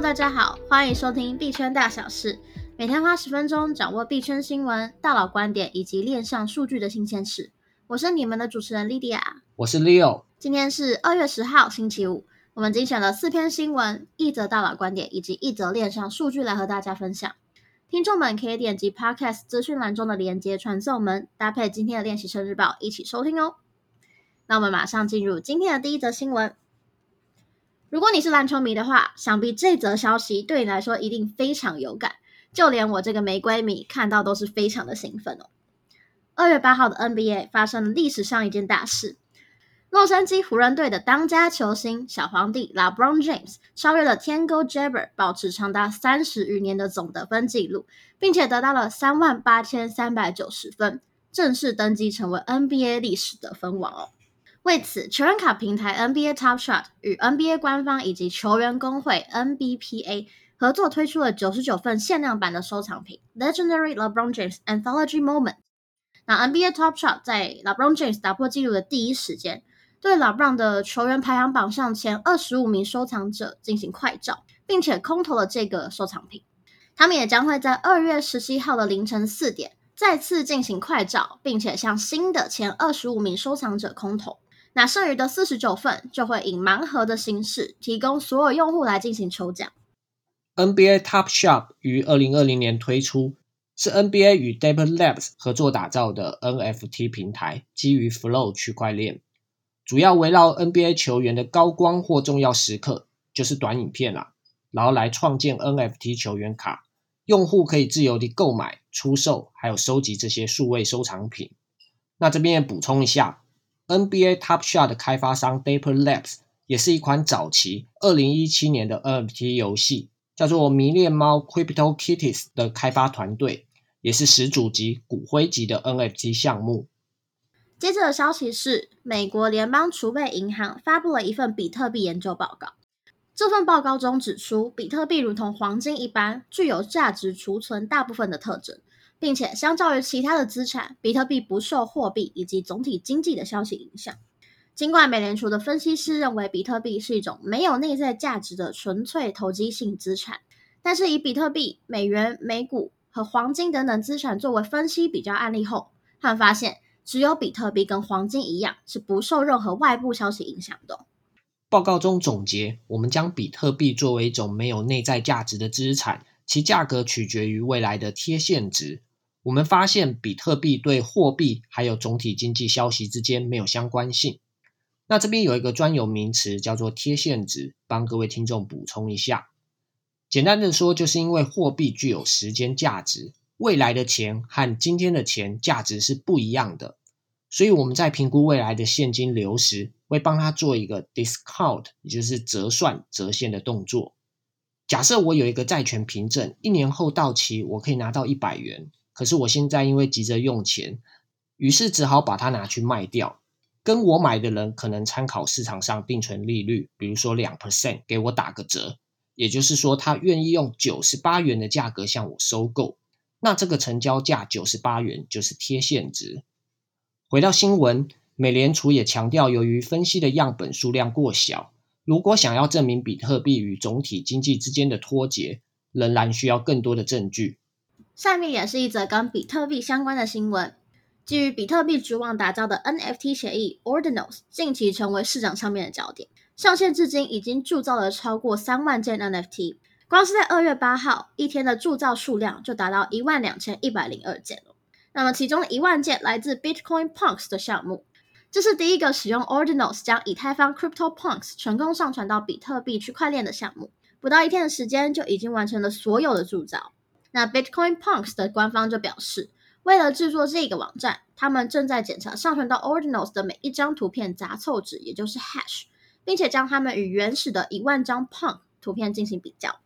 大家好，歡迎收聽幣圈大小事，每天花十分鐘掌握幣圈新聞、大佬觀點以及鏈上數據的新鮮事。我是你們的主持人莉迪亞，我是 Leo。今天是二月十號星期五，我們精選了四篇新聞、一則大佬觀點以及一則鏈上數據來和大家分享。聽眾們可以點擊 Podcast 資訊欄中的連接傳送門，搭配今天的鏈習生日報一起收聽哦。那我們馬上進入今天的第一則新聞。如果你是籃球迷的話，想必這則消息對你來說一定非常有感。就連我這個玫瑰迷看到都是非常的興奮哦。二月八號的 NBA 發生了歷史上一件大事：洛杉磯湖人隊的當家球星小皇帝 LeBron James 超越了天勾 Jabbar，保持長達三十餘年的總得分紀錄，並且得到了三萬八千三百九十分，正式登基成為 NBA 歷史得分王哦。為此，球員卡平台 NBA Top Shot 與 NBA 官方以及球員工會 NBPA 合作推出了九十九份限量版的收藏品《Legendary LeBron James Anthology Moment》。那 NBA Top Shot 在 LeBron James 打破紀錄的第一時間，對 LeBron 的球員排行榜上前二十五名收藏者進行快照，並且空投了這個收藏品。他們也將會在二月十七號的凌晨四點再次進行快照，並且向新的前二十五名收藏者空投。那剩餘的四十九份就會以盲盒的形式提供所有用戶來進行抽獎。NBA Top Shot 於二零二零年推出，是 NBA 與 Dapper Labs 合作打造的 NFT 平台，基於 Flow 區塊鏈，主要圍繞 NBA 球員的高光或重要時刻，就是短影片啦、啊，然後來創建 NFT 球員卡，用戶可以自由地購買、出售，還有收集這些數位收藏品。那這邊也補充一下。NBA Top Shot 的開發商 Dapper Labs 也是一款早期2017年的 NFT 遊戲，叫做《迷戀貓 CryptoKitties》的開發團隊，也是始祖級、骨灰級的 NFT 項目。接着的消息是，美國聯邦儲備銀行發布了一份比特幣研究報告。這份報告中指出，比特幣如同黃金一般，具有價值儲存大部分的特徵。並且，相較於其他的資產，比特幣不受貨幣以及總體經濟的消息影響。儘管美聯儲的分析師認為比特幣是一種沒有內在價值的純粹投機性資產，但是以比特幣、美元、美股和黃金等等資產作為分析比較案例後，他們發現只有比特幣跟黃金一樣是不受任何外部消息影響的。報告中總結，我們將比特幣作為一種沒有內在價值的資產，其價格取決於未來的貼現值。我們發現比特幣對貨幣還有總體經濟消息之間沒有相關性。那這邊有一個專有名詞叫做貼現值，幫各位聽眾補充一下。簡單的說，就是因為貨幣具有時間價值，未來的錢和今天的錢價值是不一樣的，所以我們在評估未來的現金流時，會幫它做一個 discount，也就是折算、折現的動作。假設我有一個債權憑證，一年後到期，我可以拿到一百元。可是我現在因為急着用錢，於是只好把它拿去賣掉。跟我買的人可能參考市場上定存利率，比如說兩 percent，給我打個折，也就是說他願意用九十八元的價格向我收購。那這個成交價九十八元就是貼現值。回到新聞，美聯儲也強調，由於分析的樣本數量過小，如果想要證明比特幣與總體經濟之間的脫節，仍然需要更多的證據。下面也是一則跟比特幣相關的新聞。基於比特幣主網打造的 NFT 協議 Ordinals 近期成為市場上面的焦點。上線至今已經鑄造了超過三萬件 NFT，光是在二月八號一天的鑄造數量就達到一萬兩千一百零二件。那麼其中一萬件來自 Bitcoin Punks 的項目，這是第一個使用 Ordinals 將以太坊 Crypto Punks 成功上傳到比特幣區塊鏈的項目。不到一天的時間就已經完成了所有的鑄造。那 Bitcoin Punks 的官方就表示，為了制作這個網站，他們正在檢查上傳到 Ordinals 的每一張圖片雜湊值，也就是 hash，並且將它們與原始的1萬張 Punk 圖片進行比較。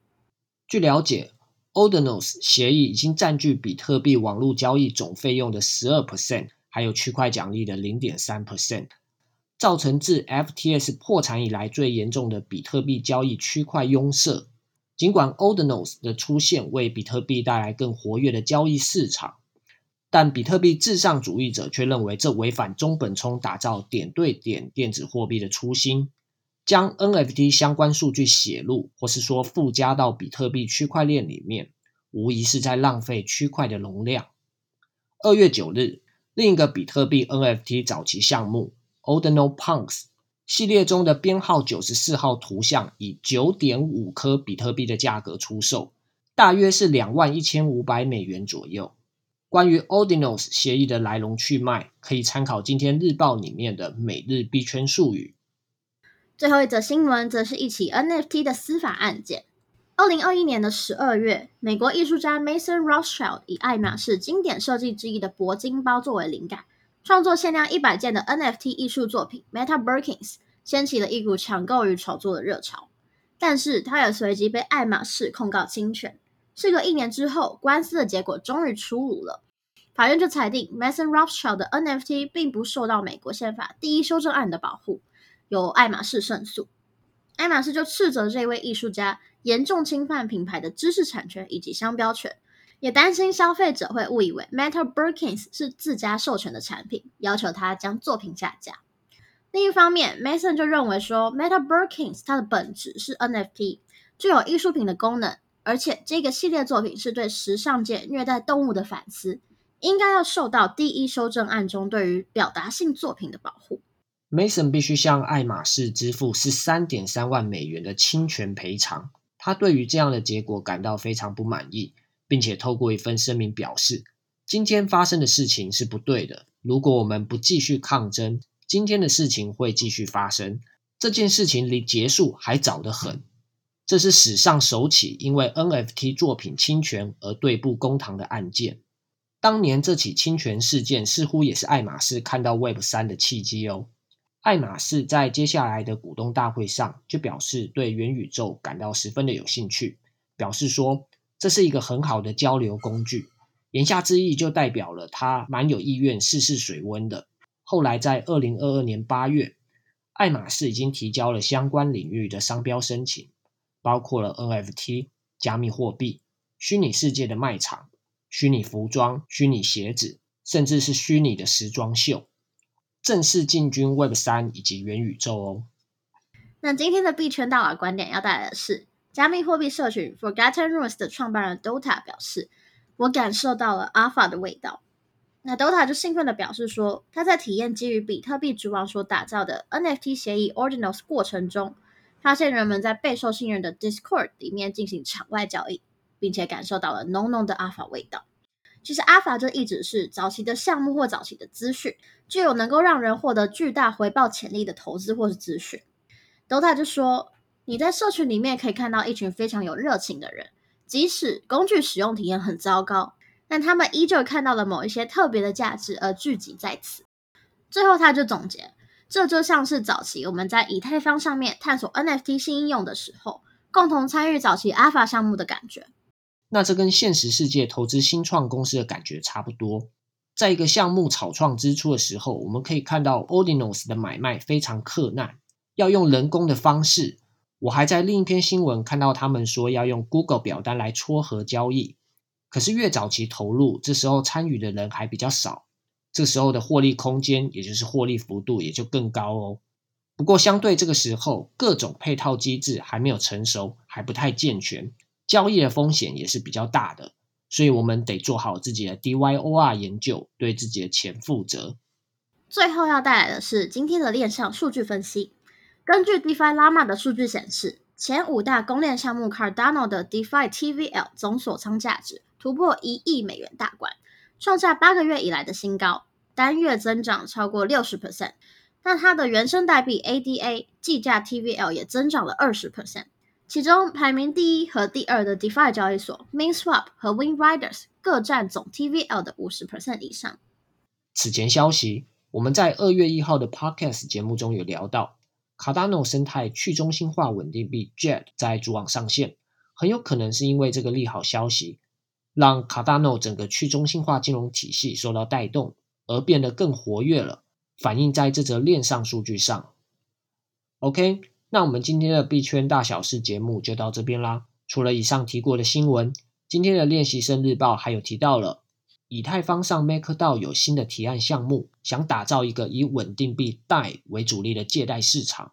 據了解，Ordinals 協議已經佔據比特幣網絡交易總費用的12%，還有區塊獎勵的0.3%，造成自 FTX 破產以來最嚴重的比特幣交易區塊擁塞。儘管 Ordinals 的出現為比特幣帶來更活躍的交易市場，但比特幣至上主義者卻認為這違反中本聰打造點對點電子貨幣的初心。將 NFT 相關數據寫入，或是說附加到比特幣區塊鏈裡面，無疑是在浪費區塊的容量。二月九日，另一個比特幣 NFT 早期項目 Ordinal Punks，系列中的編號九十四號圖像以九點五顆比特幣的價格出售，大約是兩萬一千五百美元左右。關於 Ordinals 協議的來龍去脈，可以參考今天日報裡面的每日幣圈術語。最後一則新聞則是一起 NFT 的司法案件。二零二一年的十二月，美國藝術家 Mason Rothschild 以愛馬仕經典設計之一的鉑金包作為靈感。創作限量一百件的 NFT 藝術作品 MetaBirkins，掀起了一股搶購與炒作的熱潮，但是他也隨即被愛馬仕控告侵權。事隔一年之後，官司的結果終於出爐了，法院就裁定 Mason Rothschild 的 NFT 並不受到美國憲法第一修正案的保護，由愛馬仕勝訴。愛馬仕就斥責這位藝術家嚴重侵犯品牌的知識產權以及商標權。也擔心消費者會誤以為 Meta Birkins 是自家授權的產品，要求他將作品下架。另一方面，Mason 就認為說，Meta Birkins 它的本質是 NFT，具有藝術品的功能，而且這個系列作品是對時尚界虐待動物的反思，應該要受到第一修正案中對於表達性作品的保護。Mason 必須向愛馬仕支付十三點三萬美元的侵權賠償，他對於這樣的結果感到非常不滿意。並且透過一份聲明表示，今天發生的事情是不對的。如果我們不繼續抗爭，今天的事情會繼續發生。這件事情離結束還早得很。這是史上首起因為 NFT 作品侵權而對簿公堂的案件。當年這起侵權事件似乎也是愛馬仕看到 Web 三的契機哦。愛馬仕在接下來的股東大會上就表示對元宇宙感到十分的有興趣，表示說。這是一個很好的交流工具，言下之意就代表了他蠻有意願試試水溫的。後來在二零二二年八月，愛馬仕已經提交了相關領域的商標申請，包括了 NFT、加密貨幣、虛擬世界的賣場、虛擬服裝、虛擬鞋子，甚至是虛擬的時裝秀，正式進軍 Web 三以及元宇宙哦。那今天的幣圈大佬觀點要帶來的是。加密貨幣社群 Forgotten Runes 的創辦人 Dota 表示：“我感受到了 Alpha 的味道。”那 Dota 就興奮的表示說：“他在體驗基於比特幣主網所打造的 NFT 協議 Ordinals 過程中，發現人們在備受信任的 Discord 裡面進行場外交易，並且感受到了濃濃的 Alpha 味道。”其實 Alpha 就一直是早期的項目或早期的資訊，具有能夠讓人獲得巨大回報潛力的投資或是資訊。Dota 就說。你在社群裡面可以看到一群非常有熱情的人，即使工具使用體驗很糟糕，但他們依舊看到了某一些特別的價值而聚集在此。最後，他就總結，這就像是早期我們在以太坊上面探索 NFT 新應用的時候，共同參與早期 Alpha 項目的感覺。那這跟現實世界投資新創公司的感覺差不多。在一個項目草創之初的時候，我們可以看到 Ordinals 的買賣非常克難，要用人工的方式。我還在另一篇新聞看到他們說要用 Google 表單來撮合交易，可是越早期投入，這時候參與的人還比較少，這時候的獲利空間，也就是獲利幅度也就更高哦。不過相對這個時候，各種配套機制還沒有成熟，還不太健全，交易的風險也是比較大的，所以我們得做好自己的 DYOR 研究，對自己的錢負責。最後要帶來的是今天的鏈上數據分析。根據 DeFi Llama 的數據顯示，前五大公鏈項目 Cardano 的 DeFi TVL 總鎖倉價值突破一億美元大關，創下八個月以來的新高，單月增長超過六十 percent。那它的原生代幣 ADA 計價 TVL 也增長了二十 percent，其中排名第一和第二的 DeFi 交易所 Minswap 和 WingRiders 各占總 TVL 的五十 percent 以上。此前消息，我們在二月一號的 Podcast 節目中有聊到。Cardano 生態去中心化穩定幣 Jet 在主網上線，很有可能是因為這個利好消息，讓 Cardano 整個去中心化金融體系受到帶動而變得更活躍了，反映在這則鏈上數據上。OK，那我們今天的幣圈大小事節目就到這邊啦。除了以上提過的新聞，今天的鏈習生日報還有提到了。以太坊上，MakerDAO 有新的提案項目，想打造一個以穩定幣 DAI 為主力的借貸市場。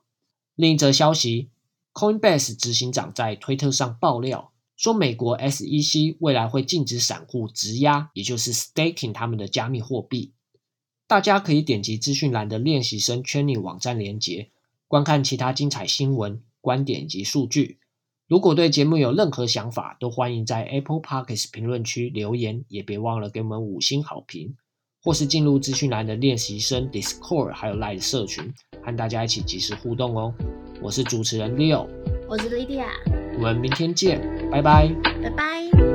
另一則消息，Coinbase 執行長在推特上爆料，說美國 SEC 未來會禁止散戶質押，也就是 staking 他們的加密貨幣。大家可以點擊資訊欄的鏈習生圈裡網站鏈接，觀看其他精彩新聞、觀點以及數據。如果對節目有任何想法，都歡迎在 Apple Podcast 評論區留言，也別忘了給我們五星好評，或是進入資訊欄的鏈習生 Discord，還有 Line 社群，和大家一起即時互動哦。我是主持人 Leo，我是 Lydia，我們明天見，拜拜，拜拜。